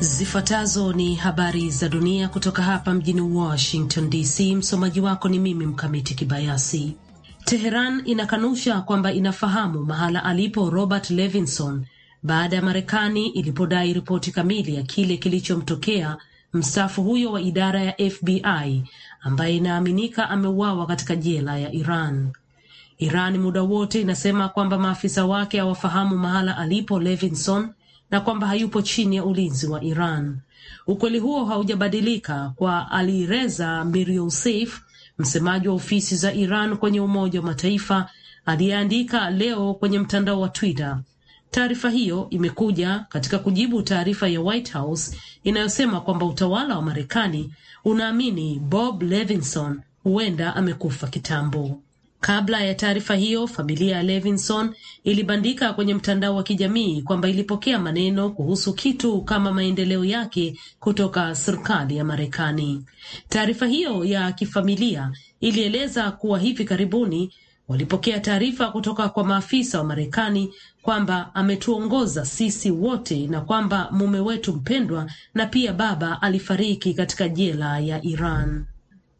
Zifuatazo ni habari za dunia kutoka hapa mjini Washington DC. Msomaji wako ni mimi Mkamiti Kibayasi. Teheran inakanusha kwamba inafahamu mahala alipo Robert Levinson baada ya Marekani ilipodai ripoti kamili ya kile kilichomtokea mstaafu huyo wa idara ya FBI ambaye inaaminika ameuawa katika jela ya Iran. Iran muda wote inasema kwamba maafisa wake hawafahamu mahala alipo Levinson na kwamba hayupo chini ya ulinzi wa Iran. Ukweli huo haujabadilika kwa Alireza Miriousif, msemaji wa ofisi za Iran kwenye Umoja wa Mataifa, aliyeandika leo kwenye mtandao wa Twitter. Taarifa hiyo imekuja katika kujibu taarifa ya White House inayosema kwamba utawala wa Marekani unaamini Bob Levinson huenda amekufa kitambo. Kabla ya taarifa hiyo, familia ya Levinson ilibandika kwenye mtandao wa kijamii kwamba ilipokea maneno kuhusu kitu kama maendeleo yake kutoka serikali ya Marekani. Taarifa hiyo ya kifamilia ilieleza kuwa hivi karibuni walipokea taarifa kutoka kwa maafisa wa Marekani kwamba ametuongoza sisi wote na kwamba mume wetu mpendwa na pia baba alifariki katika jela ya Iran.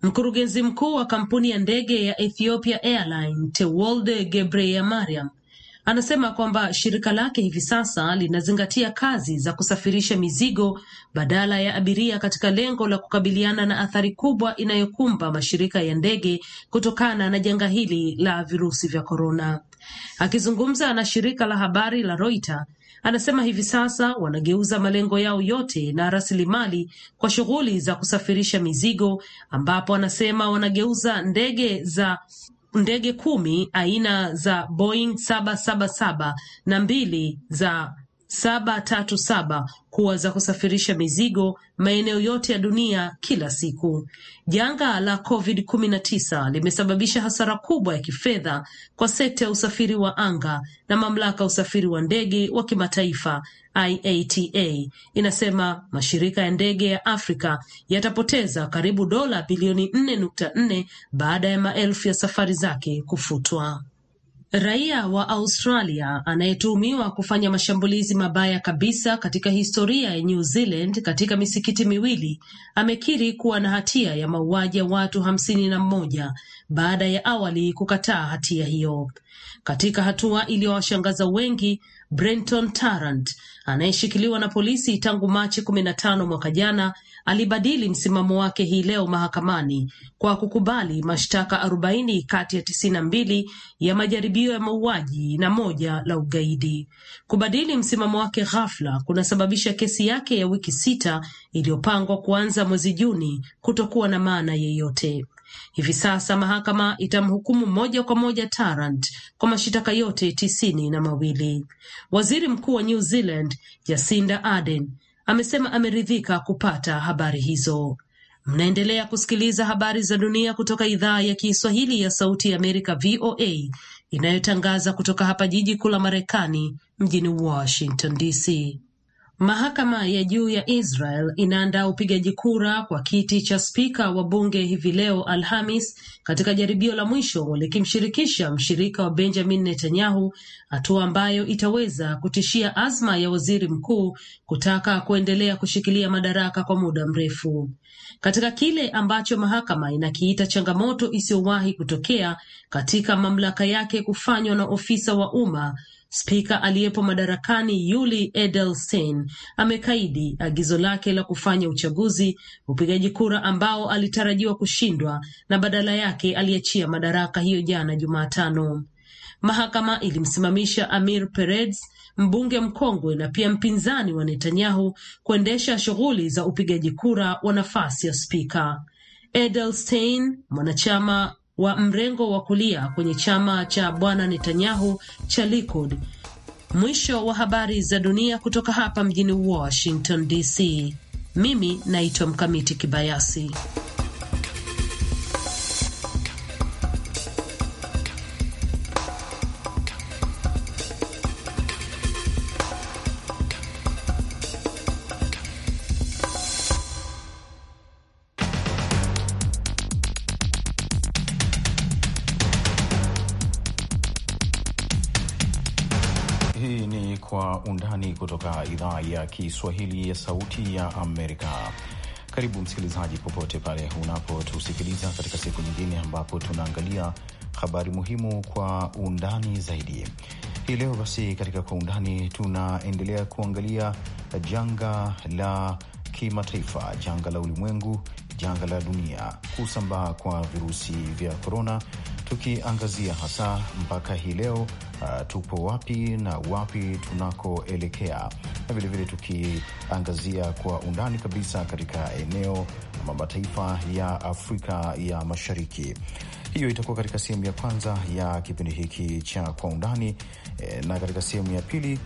Mkurugenzi mkuu wa kampuni ya ndege ya Ethiopia Airline Tewolde mariam anasema kwamba shirika lake hivi sasa linazingatia kazi za kusafirisha mizigo badala ya abiria katika lengo la kukabiliana na athari kubwa inayokumba mashirika ya ndege kutokana na janga hili la virusi vya korona. Akizungumza na shirika la habari la Reuters, anasema hivi sasa wanageuza malengo yao yote na rasilimali kwa shughuli za kusafirisha mizigo, ambapo anasema wanageuza ndege za ndege kumi aina za Boeing 777 na mbili za 737 kuwa za kusafirisha mizigo maeneo yote ya dunia kila siku. Janga la COVID-19 limesababisha hasara kubwa ya kifedha kwa sekta ya usafiri wa anga, na mamlaka ya usafiri wa ndege wa kimataifa IATA inasema mashirika ya ndege ya Afrika yatapoteza karibu dola bilioni 4.4 baada ya maelfu ya safari zake kufutwa. Raia wa Australia anayetuhumiwa kufanya mashambulizi mabaya kabisa katika historia ya New Zealand katika misikiti miwili amekiri kuwa na hatia ya mauaji ya watu hamsini na mmoja baada ya awali kukataa hatia hiyo. Katika hatua iliyowashangaza wengi, Brenton Tarrant anayeshikiliwa na polisi tangu Machi kumi na tano mwaka jana alibadili msimamo wake hii leo mahakamani kwa kukubali mashtaka arobaini kati ya 92 mbili ya majaribio ya mauaji na moja la ugaidi. Kubadili msimamo wake ghafla kunasababisha kesi yake ya wiki sita iliyopangwa kuanza mwezi Juni kutokuwa na maana yeyote. Hivi sasa mahakama itamhukumu moja kwa moja tarant kwa mashitaka yote tisini na mawili. Waziri Mkuu wa New Zealand Jacinda Ardern amesema ameridhika kupata habari hizo. Mnaendelea kusikiliza habari za dunia kutoka idhaa ya Kiswahili ya Sauti ya Amerika, VOA, inayotangaza kutoka hapa jiji kuu la Marekani, mjini Washington DC. Mahakama ya juu ya Israel inaandaa upigaji kura kwa kiti cha spika wa bunge hivi leo Alhamis, katika jaribio la mwisho likimshirikisha mshirika wa Benjamin Netanyahu, hatua ambayo itaweza kutishia azma ya waziri mkuu kutaka kuendelea kushikilia madaraka kwa muda mrefu. Katika kile ambacho mahakama inakiita changamoto isiyowahi kutokea katika mamlaka yake kufanywa na ofisa wa umma Spika aliyepo madarakani Yuli Edelstein amekaidi agizo lake la kufanya uchaguzi, upigaji kura ambao alitarajiwa kushindwa, na badala yake aliachia madaraka hiyo jana Jumatano. Mahakama ilimsimamisha Amir Peretz, mbunge mkongwe na pia mpinzani wa Netanyahu, kuendesha shughuli za upigaji kura wa nafasi ya spika. Edelstein, mwanachama wa mrengo wa kulia kwenye chama cha bwana Netanyahu cha Likud. Mwisho wa habari za dunia kutoka hapa mjini Washington DC. Mimi naitwa Mkamiti Kibayasi. ya Kiswahili ya Sauti ya Amerika. Karibu msikilizaji, popote pale unapotusikiliza katika siku nyingine ambapo tunaangalia habari muhimu kwa undani zaidi. Hii leo basi, katika kwa undani tunaendelea kuangalia janga la kimataifa, janga la ulimwengu, janga la dunia, kusambaa kwa virusi vya korona, tukiangazia hasa mpaka hii leo uh, tupo wapi na wapi tunakoelekea, na vilevile tukiangazia kwa undani kabisa katika eneo ama mataifa ya Afrika ya Mashariki. Hiyo itakuwa katika sehemu ya kwanza ya kipindi hiki cha kwa undani e, na katika sehemu ya pili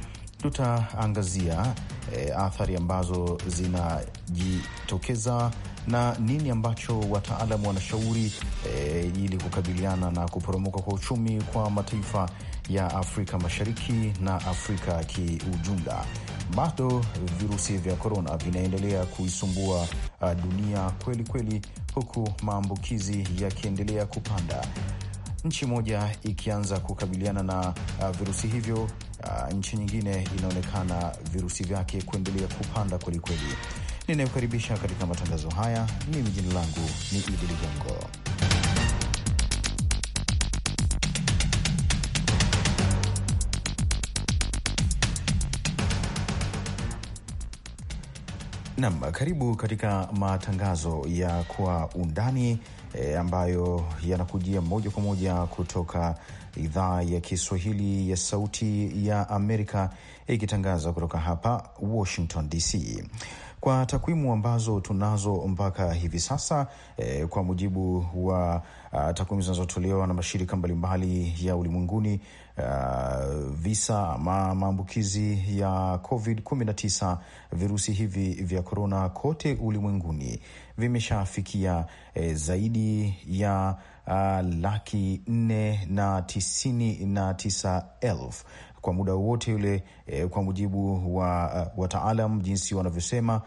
tutaangazia e, athari ambazo zinajitokeza na nini ambacho wataalamu wanashauri e, ili kukabiliana na kuporomoka kwa uchumi kwa mataifa ya Afrika Mashariki na Afrika kiujumla. Bado virusi vya korona vinaendelea kuisumbua uh, dunia kweli kweli, huku maambukizi yakiendelea kupanda, nchi moja ikianza kukabiliana na uh, virusi hivyo, uh, nchi nyingine inaonekana virusi vyake kuendelea kupanda kwelikweli. Ninayokaribisha katika matangazo haya, mimi jina langu ni Idi Ligongo. nam karibu katika matangazo ya kwa undani e, ambayo yanakujia moja kwa moja kutoka idhaa ya Kiswahili ya Sauti ya Amerika ikitangaza kutoka hapa Washington DC. Kwa takwimu ambazo tunazo mpaka hivi sasa e, kwa mujibu wa takwimu zinazotolewa na mashirika mbalimbali ya ulimwenguni Uh, visa ma maambukizi ya COVID-19 virusi hivi vya korona kote ulimwenguni vimeshafikia e, zaidi ya a, uh, laki nne na tisini na tisa elfu kwa muda wote ule e, kwa mujibu wa uh, wataalam jinsi wanavyosema,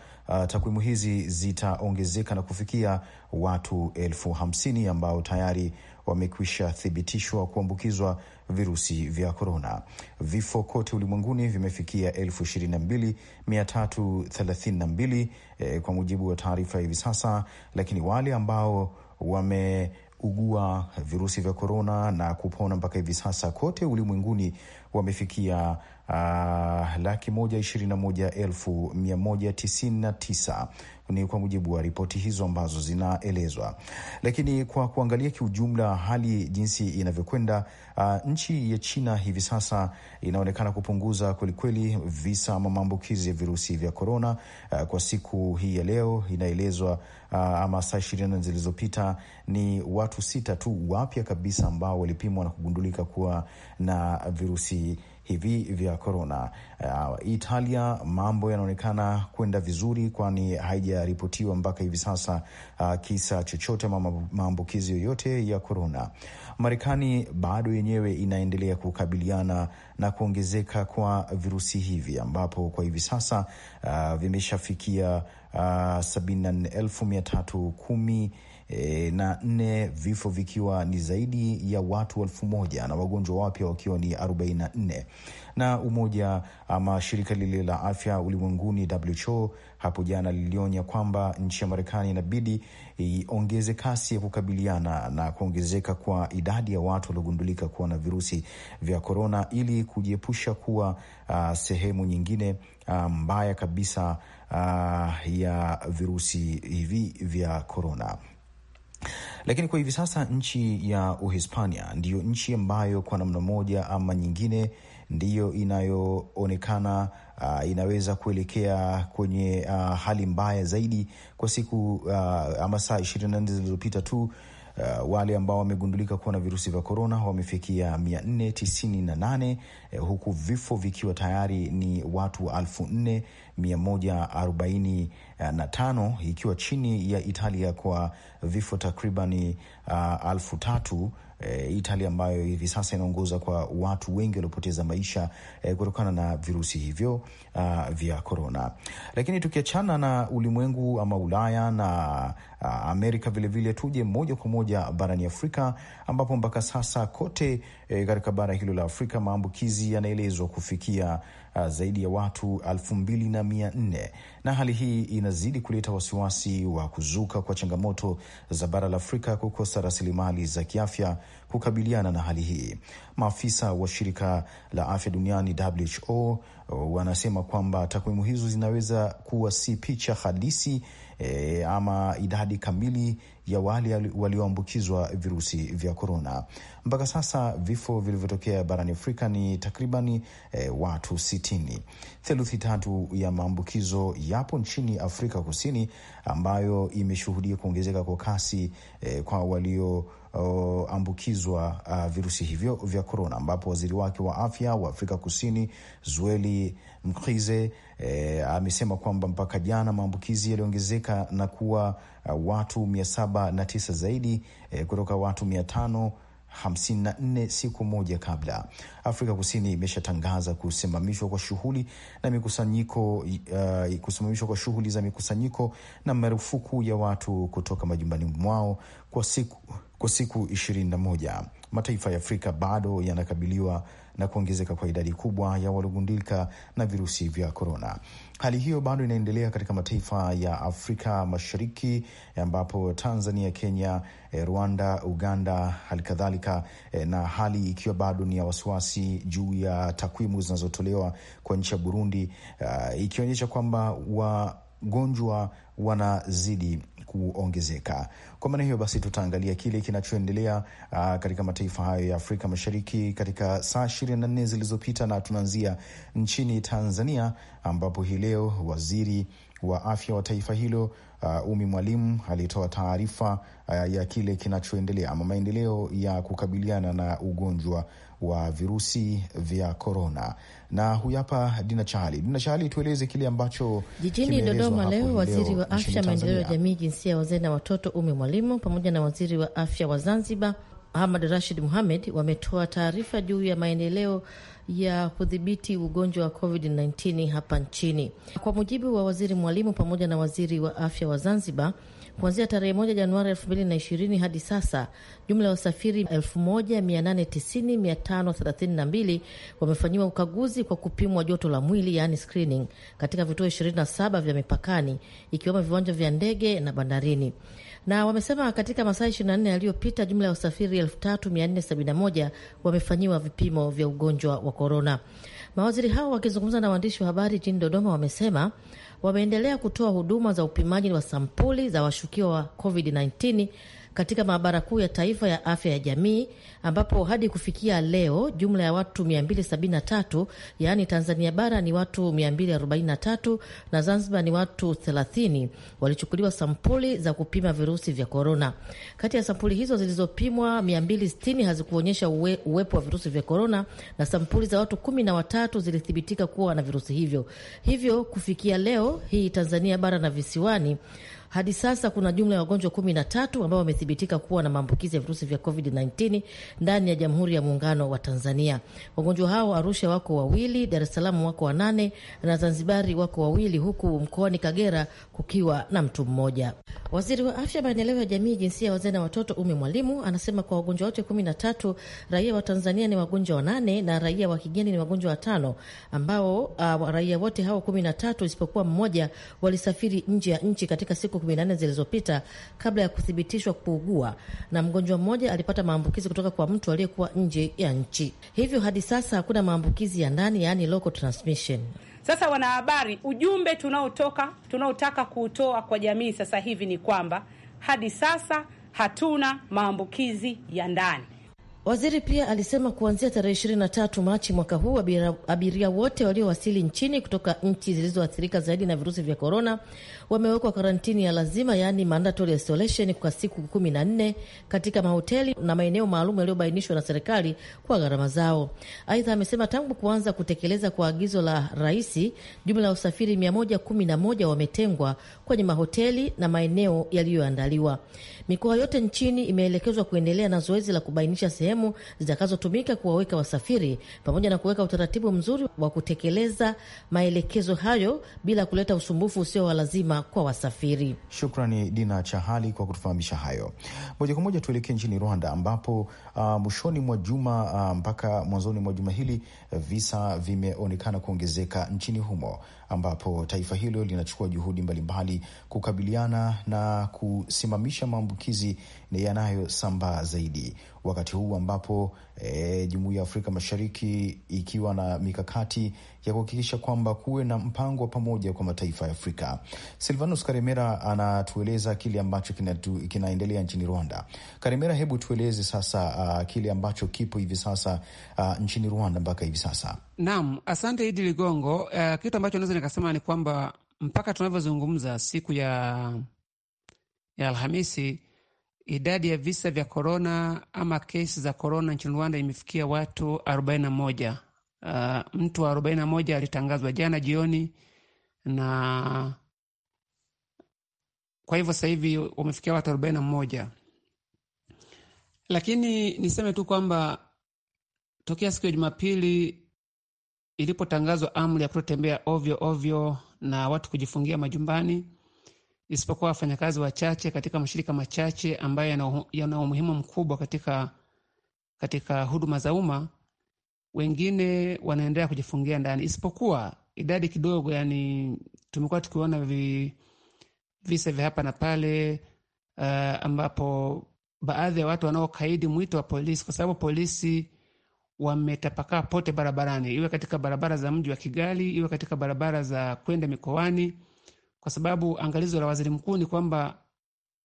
takwimu hizi zitaongezeka na kufikia watu elfu hamsini ambao tayari wamekwisha thibitishwa kuambukizwa virusi vya korona. Vifo kote ulimwenguni vimefikia elfu ishirini na mbili mia tatu thelathini na mbili eh, kwa mujibu wa taarifa hivi sasa, lakini wale ambao wame waliougua virusi vya korona na kupona mpaka hivi sasa kote ulimwenguni wamefikia uh, laki moja ishirini na moja elfu mia moja tisini na tisa ni kwa mujibu wa ripoti hizo ambazo zinaelezwa. Lakini kwa kuangalia kiujumla hali jinsi inavyokwenda, uh, nchi ya China hivi sasa inaonekana kupunguza kwelikweli visa ama maambukizi ya virusi vya korona. Uh, ah, kwa siku hii ya leo inaelezwa uh, ama saa ishirini na nne zilizopita ni watu sita tu wapya kabisa ambao walipimwa na kugundulika kuwa na virusi hivi vya korona. Uh, Italia mambo yanaonekana kwenda vizuri, kwani haijaripotiwa mpaka hivi sasa uh, kisa chochote ama maambukizi yoyote ya korona. Marekani bado yenyewe inaendelea kukabiliana na kuongezeka kwa virusi hivi ambapo kwa hivi sasa uh, vimeshafikia uh, sabini na nne elfu mia tatu kumi e, na nne vifo vikiwa ni zaidi ya watu elfu moja na wagonjwa wapya wakiwa ni 44 na umoja ama shirika lile la afya ulimwenguni WHO hapo jana lilionya kwamba nchi ya Marekani inabidi iongeze kasi ya kukabiliana na kuongezeka kwa idadi ya watu waliogundulika kuwa na virusi vya korona ili kujiepusha kuwa uh, sehemu nyingine uh, mbaya kabisa uh, ya virusi hivi vya korona. Lakini kwa hivi sasa nchi ya Uhispania ndiyo nchi ambayo kwa namna moja ama nyingine ndiyo inayoonekana uh, inaweza kuelekea kwenye uh, hali mbaya zaidi kwa siku uh, ama saa ishirini na nne zilizopita tu Uh, wale ambao wamegundulika kuwa na virusi vya korona wamefikia 498 eh, huku vifo vikiwa tayari ni watu 4145 eh, ikiwa chini ya Italia kwa vifo takribani uh, elfu tatu eh, Italia ambayo hivi sasa inaongoza kwa watu wengi waliopoteza maisha eh, kutokana na virusi hivyo uh, vya korona. Lakini tukiachana na ulimwengu ama Ulaya na Ah, Amerika vilevile vile, tuje moja kwa moja barani Afrika ambapo mpaka sasa kote e, katika bara hilo la Afrika maambukizi yanaelezwa kufikia a, ah, zaidi ya watu elfu mbili na mia nne na hali hii inazidi kuleta wasiwasi wa kuzuka kwa changamoto za bara la Afrika kukosa rasilimali za kiafya kukabiliana na hali hii. Maafisa wa shirika la afya duniani WHO wanasema kwamba takwimu hizo zinaweza kuwa si picha halisi e, ama idadi kamili ya wale walioambukizwa virusi vya korona. Mpaka sasa vifo vilivyotokea barani Afrika ni takribani e, eh, watu 60. Theluthi tatu ya maambukizo yapo nchini Afrika Kusini, ambayo imeshuhudia kuongezeka kwa kasi e, kwa walio Uh, ambukizwa uh, virusi hivyo vya korona ambapo waziri wake wa afya wa Afrika Kusini Zweli Mkhize eh, amesema kwamba mpaka jana maambukizi yaliongezeka na kuwa uh, watu 709 zaidi eh, kutoka watu 54 siku moja kabla. Afrika Kusini imeshatangaza kusimamishwa kwa shughuli na mikusanyiko uh, kusimamishwa kwa shughuli za mikusanyiko na marufuku ya watu kutoka majumbani mwao kwa siku kwa siku 21. Mataifa ya Afrika bado yanakabiliwa na kuongezeka kwa idadi kubwa ya waliogundika na virusi vya korona. Hali hiyo bado inaendelea katika mataifa ya Afrika Mashariki, ambapo Tanzania, Kenya, eh, Rwanda, Uganda halikadhalika, eh, na hali ikiwa bado ni ya wasiwasi juu ya takwimu zinazotolewa kwa nchi ya Burundi, uh, ikionyesha kwamba wagonjwa wanazidi kuongezeka. Kwa maana hiyo basi, tutaangalia kile kinachoendelea uh, katika mataifa hayo ya Afrika Mashariki katika saa ishirini na nne zilizopita, na tunaanzia nchini Tanzania ambapo hii leo waziri wa afya wa taifa hilo uh, ah, Umi Mwalimu alitoa taarifa uh, ya kile kinachoendelea ama maendeleo ya kukabiliana na ugonjwa wa virusi vya korona. Na huyu hapa Dina Chahali. Dina Chali, tueleze kile ambacho jijini Dodoma leo waziri wa afya, maendeleo ya jamii, jinsia ya wazee na watoto, Ume Mwalimu pamoja na waziri wa afya wa Zanzibar Ahmad Rashid Muhamed wametoa taarifa juu ya maendeleo ya kudhibiti ugonjwa wa COVID-19 hapa nchini. Kwa mujibu wa waziri Mwalimu pamoja na waziri wa afya wa Zanzibar, Kuanzia tarehe moja Januari elfu mbili na ishirini hadi sasa, jumla ya wasafiri elfu moja mia nane tisini mia tano thelathini na mbili wamefanyiwa ukaguzi kwa kupimwa joto la mwili, yaani screening, katika vituo saba vya mipakani ikiwemo viwanja vya ndege na bandarini na wamesema katika masaa 24 yaliyopita jumla ya wasafiri moja wamefanyiwa vipimo vya ugonjwa wa korona. Mawaziri hao wakizungumza na waandishi wa habari jijini Dodoma wamesema wameendelea kutoa huduma za upimaji wa sampuli za washukiwa wa COVID-19 katika maabara kuu ya taifa ya afya ya jamii, ambapo hadi kufikia leo jumla ya watu 273 yaani Tanzania bara ni watu 243 na Zanzibar ni watu 30 walichukuliwa sampuli za kupima virusi vya korona. Kati ya sampuli hizo zilizopimwa 260 hazikuonyesha uwe, uwepo wa virusi vya korona na sampuli za watu kumi na watatu zilithibitika kuwa na virusi hivyo. Hivyo kufikia leo hii Tanzania bara na visiwani hadi sasa kuna jumla ya wagonjwa kumi na tatu ambao wamethibitika kuwa na maambukizi ya virusi vya COVID-19 ndani ya Jamhuri ya Muungano wa Tanzania. Wagonjwa hao Arusha wako wawili, Dar es Salaam wako wanane na Zanzibari wako wawili, huku mkoani Kagera kukiwa na mtu mmoja. Waziri wa Afya, Maendeleo ya Jamii, Jinsia Wazee na Watoto, ume Mwalimu, anasema kwa wagonjwa wote kumi na tatu raia wa Tanzania ni wagonjwa wanane na raia wa kigeni ni wagonjwa watano ambao uh, raia wote hao kumi na tatu isipokuwa mmoja walisafiri nje ya nchi katika siku 14 zilizopita kabla ya kuthibitishwa kuugua, na mgonjwa mmoja alipata maambukizi kutoka kwa mtu aliyekuwa nje ya nchi. Hivyo hadi sasa hakuna maambukizi ya ndani, yaani local transmission. Sasa wanahabari, ujumbe tunaotoka tunaotaka kuutoa kwa jamii sasa hivi ni kwamba hadi sasa hatuna maambukizi ya ndani. Waziri pia alisema kuanzia tarehe 23 Machi mwaka huu abiria, abiria wote waliowasili nchini kutoka nchi zilizoathirika zaidi na virusi vya korona wamewekwa karantini ya lazima, yaani mandatory isolation kwa siku kumi na nne katika mahoteli na maeneo maalum yaliyobainishwa na serikali kwa gharama zao. Aidha, amesema tangu kuanza kutekeleza kwa agizo la rais, jumla ya usafiri 111 wametengwa kwenye mahoteli na maeneo yaliyoandaliwa. Mikoa yote nchini imeelekezwa kuendelea na zoezi la kubainisha sehemu sehemu zitakazotumika kuwaweka wasafiri pamoja na kuweka utaratibu mzuri wa kutekeleza maelekezo hayo bila kuleta usumbufu usio wa lazima kwa wasafiri. Shukrani Dina Chahali kwa kutufahamisha hayo. Moja kwa moja tuelekee nchini Rwanda ambapo uh, mwishoni mwa juma uh, mpaka mwanzoni mwa juma hili visa vimeonekana kuongezeka nchini humo ambapo taifa hilo linachukua juhudi mbalimbali kukabiliana na kusimamisha maambukizi yanayosambaa zaidi wakati huu ambapo e, Jumuiya ya Afrika Mashariki ikiwa na mikakati ya kuhakikisha kwamba kuwe na mpango wa pamoja kwa mataifa ya Afrika. Silvanus Karemera anatueleza kile ambacho kinaendelea nchini Rwanda. Karemera, hebu tueleze sasa uh, kile ambacho kipo hivi sasa uh, nchini Rwanda mpaka hivi sasa. Naam, asante Idi Ligongo. Uh, kitu ambacho naweza nikasema ni kwamba mpaka tunavyozungumza siku ya ya Alhamisi Idadi ya visa vya korona ama kesi za korona nchini Rwanda imefikia watu 41. Uh, mtu wa 41 alitangazwa jana jioni, na kwa hivyo sasa hivi wamefikia watu 41, lakini niseme tu kwamba tokea siku ya Jumapili ilipotangazwa amri ya kutotembea ovyo ovyo na watu kujifungia majumbani isipokuwa wafanyakazi wachache katika mashirika machache ambayo yana umuhimu mkubwa katika, katika huduma za umma. Wengine wanaendelea kujifungia ndani, isipokuwa idadi kidogo. Yani tumekuwa tukiona vi, visa vya hapa na pale uh, ambapo baadhi ya watu wanaokaidi mwito wa polisi, kwa sababu polisi wametapakaa pote barabarani, iwe katika barabara za mji wa Kigali, iwe katika barabara za kwenda mikoani kwa sababu angalizo la waziri mkuu ni kwamba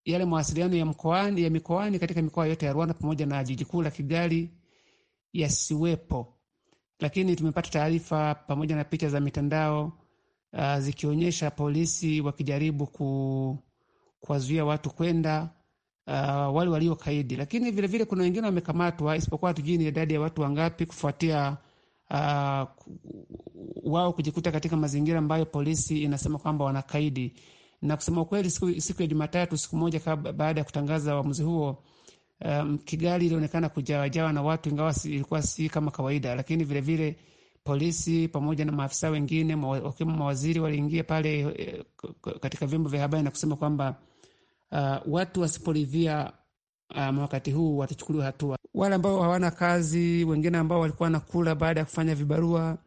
yale mawasiliano ya mkoani, ya mikoani katika mikoa yote ya Rwanda pamoja na jiji kuu la Kigali yasiwepo, lakini tumepata taarifa pamoja na picha za mitandao uh, zikionyesha polisi wakijaribu ku, kuwazuia watu kwenda uh, wale kaidi lakini vilevile vile kuna wengine wamekamatwa, isipokuwa hatujui ni idadi ya watu wangapi kufuatia uh, wao kujikuta katika mazingira ambayo polisi inasema kwamba wanakaidi. Na kusema ukweli, siku, siku ya Jumatatu, siku moja baada ya kutangaza uamuzi huo, um, Kigali ilionekana kujawajawa na watu, ingawa ilikuwa si kama kawaida, lakini vilevile vile, polisi pamoja na maafisa wengine wakiwemo mawaziri waliingia pale eh, katika vyombo vya habari na kusema kwamba uh, watu wasiporidhia Ah, ama wakati huu watachukuliwa hatua. Wale ambao hawana kazi, wengine ambao walikuwa kula baada ya kufanya vibarua,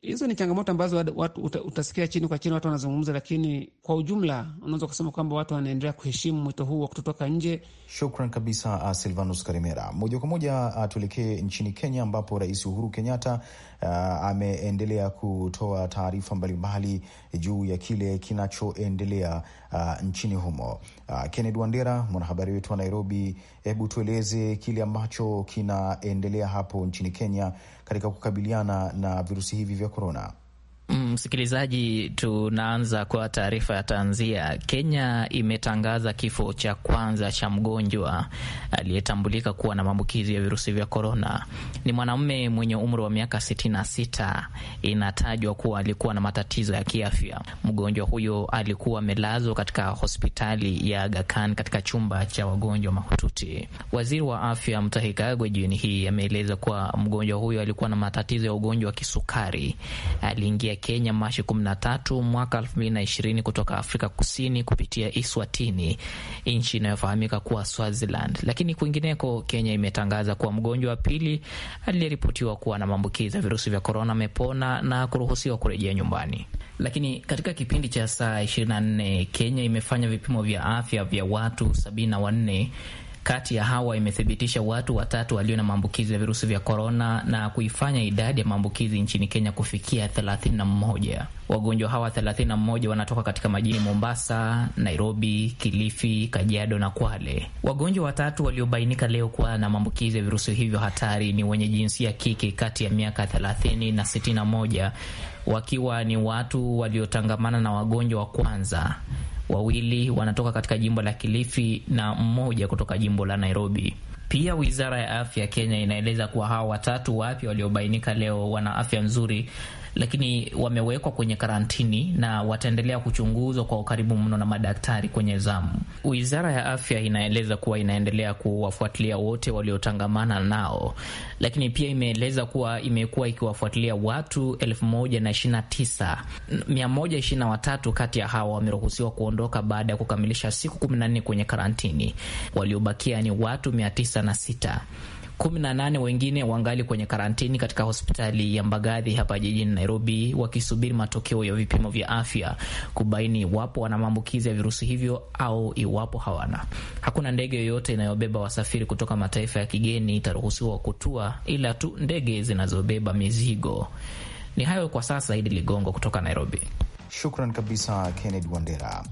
hizo ni changamoto ambazo watu utasikia chini kwa chini watu wanazungumza, lakini kwa ujumla unaweza kusema kwamba watu wanaendelea kuheshimu mwito huu wa kutotoka nje. Shukran kabisa, uh, Silvanus Karimera. Moja kwa moja uh, tuelekee nchini Kenya ambapo Rais Uhuru Kenyatta uh, ameendelea kutoa taarifa mbalimbali juu ya kile kinachoendelea uh, nchini humo. Uh, Kennedy Wandera, mwanahabari wetu wa Nairobi, hebu tueleze kile ambacho kinaendelea hapo nchini Kenya katika kukabiliana na virusi hivi vya korona. Mm, msikilizaji, tunaanza kwa taarifa ya tanzia. Kenya imetangaza kifo cha kwanza cha mgonjwa aliyetambulika kuwa na maambukizi ya virusi vya korona. Ni mwanaume mwenye umri wa miaka 66. Inatajwa kuwa alikuwa na matatizo ya kiafya. Mgonjwa huyo alikuwa amelazwa katika hospitali ya Aga Khan katika chumba cha wagonjwa mahututi. Waziri wa afya Mutahi Kagwe jioni hii ameeleza kuwa mgonjwa huyo alikuwa na matatizo ya ugonjwa wa kisukari. Aliingia Kenya Machi 13 mwaka 2020 kutoka Afrika Kusini kupitia Iswatini, nchi inayofahamika kuwa Swaziland. Lakini kwingineko, Kenya imetangaza kuwa mgonjwa wa pili aliyeripotiwa kuwa na maambukizi ya virusi vya korona amepona na kuruhusiwa kurejea nyumbani. Lakini katika kipindi cha saa 24 Kenya imefanya vipimo vya afya vya watu 74 kati ya hawa imethibitisha watu watatu walio na maambukizi ya virusi vya korona na kuifanya idadi ya maambukizi nchini Kenya kufikia 31. Wagonjwa hawa 31 wanatoka katika majini Mombasa, Nairobi, Kilifi, Kajiado na Kwale. Wagonjwa watatu waliobainika leo kuwa na maambukizi ya virusi hivyo hatari ni wenye jinsia kike kati ya miaka 30 na 61, wakiwa ni watu waliotangamana na wagonjwa wa kwanza wawili wanatoka katika jimbo la Kilifi na mmoja kutoka jimbo la Nairobi. Pia wizara ya afya Kenya inaeleza kuwa hawa watatu wapya waliobainika leo wana afya nzuri lakini wamewekwa kwenye karantini na wataendelea kuchunguzwa kwa ukaribu mno na madaktari kwenye zamu. Wizara ya afya inaeleza kuwa inaendelea kuwafuatilia wote waliotangamana nao, lakini pia imeeleza kuwa imekuwa ikiwafuatilia watu 1129 kati ya hawa wameruhusiwa kuondoka baada ya kukamilisha siku 14 kwenye karantini. Waliobakia ni watu mia kumi na nane wengine wangali kwenye karantini katika hospitali ya Mbagathi hapa jijini Nairobi, wakisubiri matokeo ya vipimo vya afya kubaini iwapo wana maambukizi ya virusi hivyo au iwapo hawana. Hakuna ndege yoyote inayobeba wasafiri kutoka mataifa ya kigeni itaruhusiwa kutua, ila tu ndege zinazobeba mizigo. Ni hayo kwa sasa. Idi Ligongo kutoka Nairobi. Shukran kabisa, Kennedy Wandera.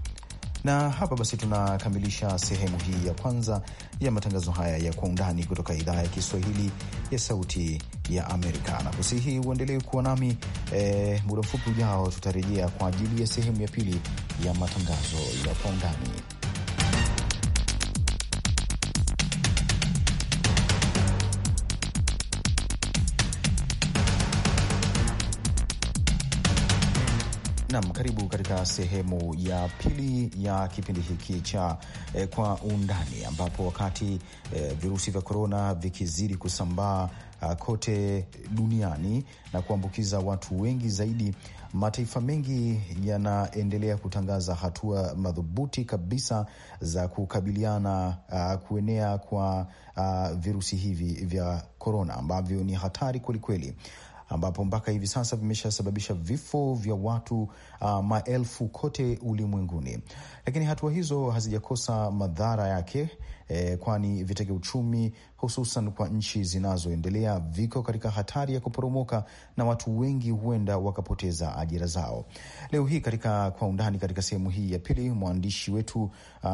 Na hapa basi tunakamilisha sehemu hii ya kwanza ya matangazo haya ya kwa undani kutoka idhaa ya Kiswahili ya Sauti ya Amerika, na kusihi uendelee kuwa nami e, muda mfupi ujao tutarejea kwa ajili ya sehemu ya pili ya matangazo ya kwa undani. karibu katika sehemu ya pili ya kipindi hiki cha e, kwa undani ambapo wakati e, virusi vya korona vikizidi kusambaa a, ah, kote duniani na kuambukiza watu wengi zaidi, mataifa mengi yanaendelea kutangaza hatua madhubuti kabisa za kukabiliana uh, kuenea kwa uh, virusi hivi vya korona ambavyo ni hatari kwelikweli ambapo mpaka hivi sasa vimeshasababisha vifo vya watu uh, maelfu kote ulimwenguni. Lakini hatua hizo hazijakosa madhara yake eh, kwani vitege uchumi hususan kwa nchi zinazoendelea viko katika hatari ya kuporomoka na watu wengi huenda wakapoteza ajira zao. Leo hii katika kwa undani, katika sehemu hii ya pili, mwandishi wetu uh,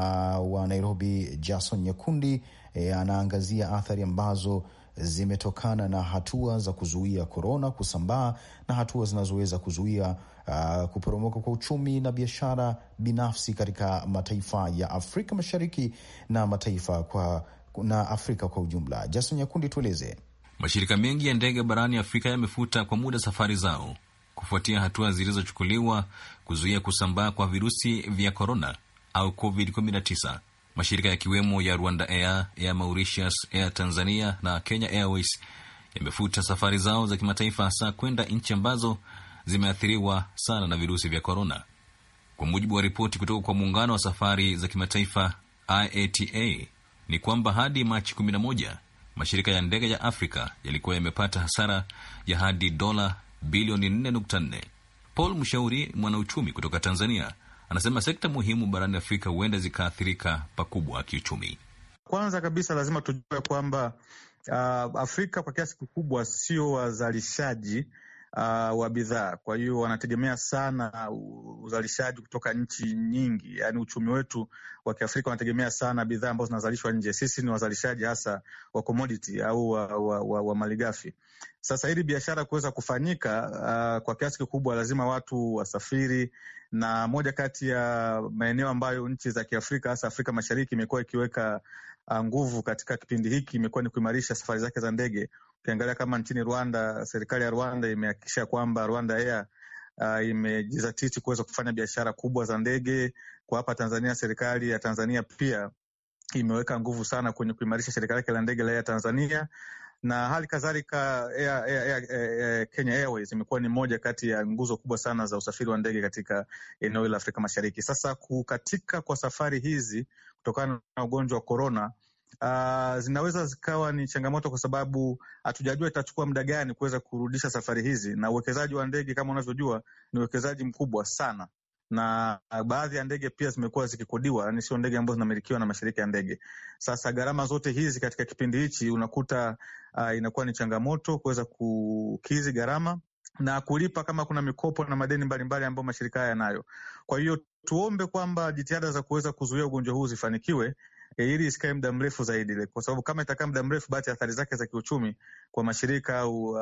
wa Nairobi Jason Nyakundi eh, anaangazia athari ambazo zimetokana na hatua za kuzuia korona kusambaa na hatua zinazoweza kuzuia uh, kuporomoka kwa uchumi na biashara binafsi katika mataifa ya Afrika Mashariki na mataifa kwa, na Afrika kwa ujumla. Jason Nyakundi, tueleze. Mashirika mengi ya ndege barani Afrika yamefuta kwa muda safari zao kufuatia hatua zilizochukuliwa kuzuia kusambaa kwa virusi vya korona au COVID-19. Mashirika yakiwemo ya Rwanda Air, Air Mauritius, Air Tanzania na Kenya Airways yamefuta safari zao za kimataifa hasa kwenda nchi ambazo zimeathiriwa sana na virusi vya korona. Kwa mujibu wa ripoti kutoka kwa muungano wa safari za kimataifa IATA ni kwamba hadi Machi 11 mashirika ya ndege ya Afrika yalikuwa yamepata hasara ya hadi dola bilioni 4.4. Paul Mshauri, mwanauchumi kutoka Tanzania, Anasema sekta muhimu barani Afrika huenda zikaathirika pakubwa kiuchumi. Kwanza kabisa lazima tujue kwamba uh, Afrika kwa kiasi kikubwa sio wazalishaji uh, wa bidhaa. Kwa hiyo wanategemea sana uzalishaji kutoka nchi nyingi, yaani uchumi wetu wa Kiafrika wanategemea sana bidhaa ambazo zinazalishwa nje. Sisi ni wazalishaji hasa wa commodity au wa, wa, wa, wa malighafi. Sasa ili biashara kuweza kufanyika uh, kwa kiasi kikubwa lazima watu wasafiri, na moja kati ya maeneo ambayo nchi za Kiafrika hasa Afrika Mashariki imekuwa ikiweka uh, nguvu katika kipindi hiki imekuwa ni kuimarisha safari zake za ndege. Ukiangalia kama nchini Rwanda, serikali ya Rwanda imehakikisha kwamba Rwanda Air uh, imejizatiti kuweza kufanya biashara kubwa za ndege. Kwa hapa Tanzania, serikali ya Tanzania pia imeweka nguvu sana kwenye kuimarisha shirika lake la ndege la Air Tanzania na hali kadhalika Air, Air, Air, Air, Kenya Airways imekuwa ni moja kati ya nguzo kubwa sana za usafiri wa ndege katika eneo la Afrika Mashariki. Sasa kukatika kwa safari hizi kutokana na ugonjwa wa korona uh, zinaweza zikawa ni changamoto kwa sababu hatujajua itachukua muda gani kuweza kurudisha safari hizi, na uwekezaji wa ndege kama unavyojua ni uwekezaji mkubwa sana na baadhi ya ndege pia zimekuwa zikikodiwa, yani sio ndege ambazo zinamilikiwa na mashirika ya ndege. Sasa gharama zote hizi katika kipindi hichi unakuta uh, inakuwa ni changamoto kuweza kukizi gharama na kulipa kama kuna mikopo na madeni mbalimbali ambayo mashirika haya yanayo. Kwa hiyo tuombe kwamba jitihada za kuweza kuzuia ugonjwa huu zifanikiwe Eh, ili isikae muda mrefu zaidi le, kwa sababu kama itakaa muda mrefu, basi athari zake za kiuchumi kwa mashirika au uh,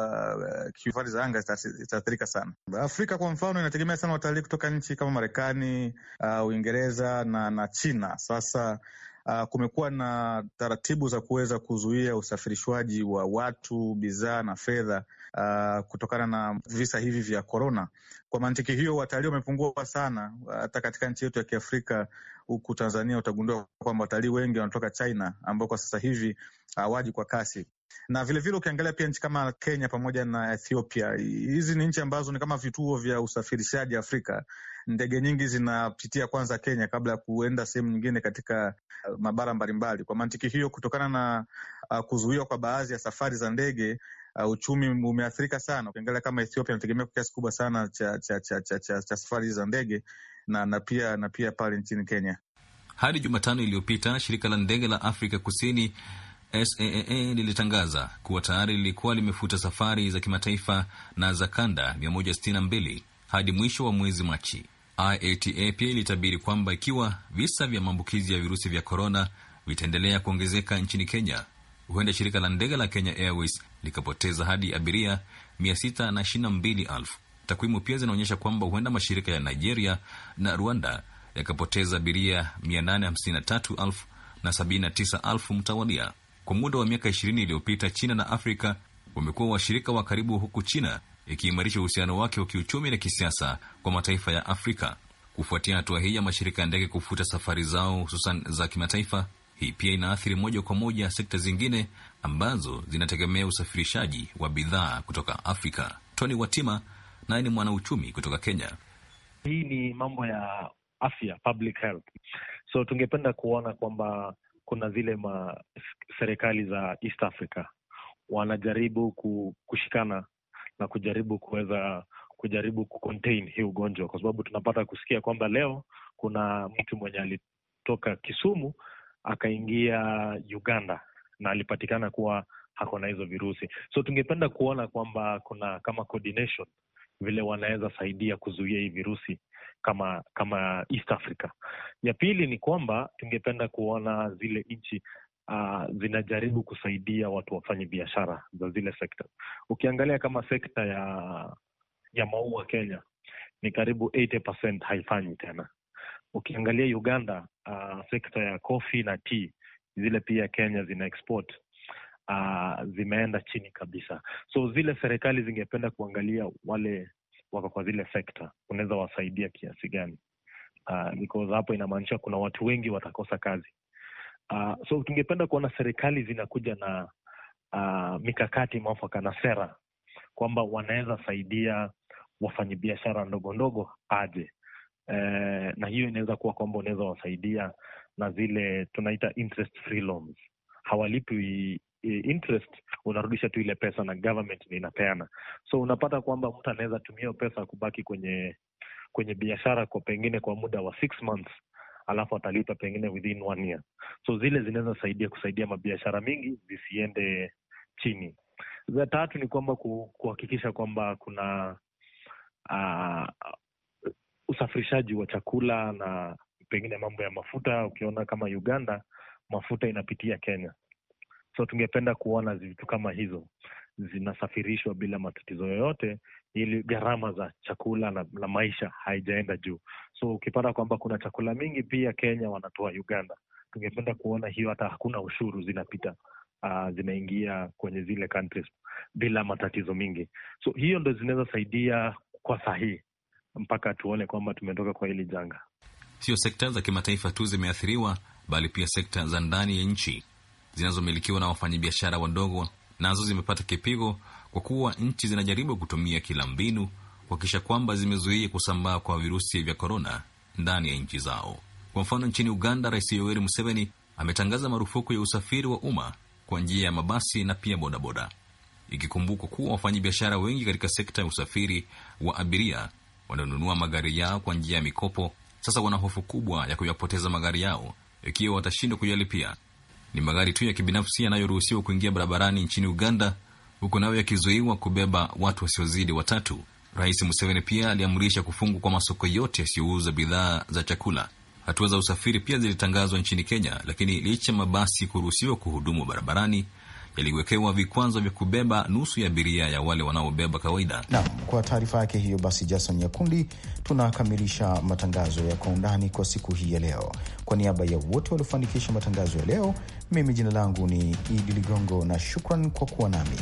safari uh, za anga zitaathirika sana. Afrika kwa mfano inategemea sana watalii kutoka nchi kama Marekani, uh, Uingereza na, na China. Sasa Uh, kumekuwa na taratibu za kuweza kuzuia usafirishwaji wa watu, bidhaa na fedha uh, kutokana na visa hivi vya korona. Kwa mantiki hiyo, watalii wamepungua sana uh, hata uh, katika nchi yetu ya Kiafrika huku Tanzania utagundua kwamba watalii wengi wanatoka China ambao kwa sasa hivi hawaji kwa kasi na vilevile ukiangalia pia nchi kama Kenya pamoja na Ethiopia, hizi ni nchi ambazo ni kama vituo vya usafirishaji Afrika. Ndege nyingi zinapitia kwanza Kenya kabla ya kuenda sehemu nyingine katika uh, mabara mbalimbali. Kwa mantiki hiyo, kutokana na uh, kuzuiwa kwa baadhi ya safari za ndege uh, uchumi umeathirika sana. Ukiangalia kama Ethiopia inategemea kwa kiasi kubwa sana cha, cha, cha, cha, cha, cha safari hizi za ndege, na, na pia na pia pale nchini Kenya. Hadi Jumatano iliyopita shirika la ndege la Afrika Kusini SAA lilitangaza kuwa tayari lilikuwa limefuta safari za kimataifa na za kanda 162 hadi mwisho wa mwezi Machi. IATA pia ilitabiri kwamba ikiwa visa vya maambukizi ya virusi vya korona vitaendelea kuongezeka nchini Kenya, huenda shirika la ndege la Kenya Airways likapoteza hadi abiria 622,000 Takwimu pia zinaonyesha kwamba huenda mashirika ya Nigeria na Rwanda yakapoteza abiria 853,000 na 79,000 mtawalia. Kwa muda wa miaka 20 iliyopita, China na Afrika wamekuwa washirika wa karibu, huku China ikiimarisha uhusiano wake wa kiuchumi na kisiasa kwa mataifa ya Afrika. Kufuatia hatua hii ya mashirika ya ndege kufuta safari zao, hususan za kimataifa, hii pia inaathiri moja kwa moja sekta zingine ambazo zinategemea usafirishaji wa bidhaa kutoka Afrika. Tony Watima naye ni mwanauchumi kutoka Kenya. Hii ni mambo ya afya, public health. So tungependa kuona kwamba kuna zile ma serikali za East Africa wanajaribu kushikana na kujaribu kuweza kujaribu kucontain hii ugonjwa, kwa sababu tunapata kusikia kwamba leo kuna mtu mwenye alitoka Kisumu akaingia Uganda na alipatikana kuwa hako na hizo virusi. So tungependa kuona kwamba kuna kama coordination vile wanaweza saidia kuzuia hii virusi kama kama East Africa. Ya pili ni kwamba tungependa kuona zile nchi uh, zinajaribu kusaidia watu wafanye biashara za zile sekta. Ukiangalia kama sekta ya ya maua Kenya ni karibu 80% haifanyi tena. Ukiangalia Uganda, uh, sekta ya kofi na tea zile pia Kenya zina export uh, zimeenda chini kabisa. So zile serikali zingependa kuangalia wale wako kwa zile sekta, unaweza wasaidia kiasi gani? Uh, because hapo inamaanisha kuna watu wengi watakosa kazi. Uh, so tungependa kuona serikali zinakuja na uh, mikakati mwafaka na sera kwamba wanaweza saidia wafanyabiashara ndogo ndogo aje. Uh, na hiyo inaweza kuwa kwamba unaweza wasaidia na zile tunaita interest free loans, hawalipi interest unarudisha tu ile pesa na government inapeana so unapata kwamba mtu anaweza tumia pesa kubaki kwenye kwenye biashara kwa pengine kwa muda wa six months alafu atalipa pengine within one year so zile zinaweza saidia kusaidia mabiashara mingi zisiende chini za tatu ni kwamba kuhakikisha kwamba kuna uh, usafirishaji wa chakula na pengine mambo ya mafuta ukiona kama uganda mafuta inapitia kenya So tungependa kuona vitu kama hizo zinasafirishwa bila matatizo yoyote, ili gharama za chakula na, na maisha haijaenda juu. So ukipata kwamba kuna chakula mingi pia Kenya wanatoa Uganda, tungependa kuona hiyo, hata hakuna ushuru zinapita Uh, zinaingia kwenye zile countries bila matatizo mingi, so hiyo ndo zinaweza saidia kwa sahihi mpaka tuone kwamba tumetoka kwa hili janga. Sio sekta za kimataifa tu zimeathiriwa, bali pia sekta za ndani ya nchi zinazomilikiwa na wafanyabiashara wadogo nazo zimepata kipigo kwa kuwa nchi zinajaribu kutumia kila mbinu kuhakikisha kwamba zimezuia kusambaa kwa virusi vya korona ndani ya nchi zao. Kwa mfano, nchini Uganda, Rais Yoweri Museveni ametangaza marufuku ya usafiri wa umma kwa njia ya mabasi na pia bodaboda, ikikumbukwa kuwa wafanyabiashara wengi katika sekta ya usafiri wa abiria wanaonunua magari yao kwa njia ya mikopo, sasa wana hofu kubwa ya kuyapoteza magari yao ikiwa watashindwa kuyalipia ni magari tu ya kibinafsi yanayoruhusiwa kuingia barabarani nchini Uganda, huku nayo yakizuiwa kubeba watu wasiozidi watatu. Rais Museveni pia aliamrisha kufungwa kwa masoko yote yasiyouza bidhaa za chakula. Hatua za usafiri pia zilitangazwa nchini Kenya, lakini licha mabasi kuruhusiwa kuhudumu barabarani, yaliwekewa vikwazo vya kubeba nusu ya abiria ya wale wanaobeba kawaida. Naam, kwa taarifa yake hiyo basi, Jason Nyakundi, tunakamilisha matangazo ya kwa undani kwa siku hii ya leo. Kwa niaba ya wote waliofanikisha matangazo ya leo, mimi jina langu ni Idi Ligongo na shukran kwa kuwa nami.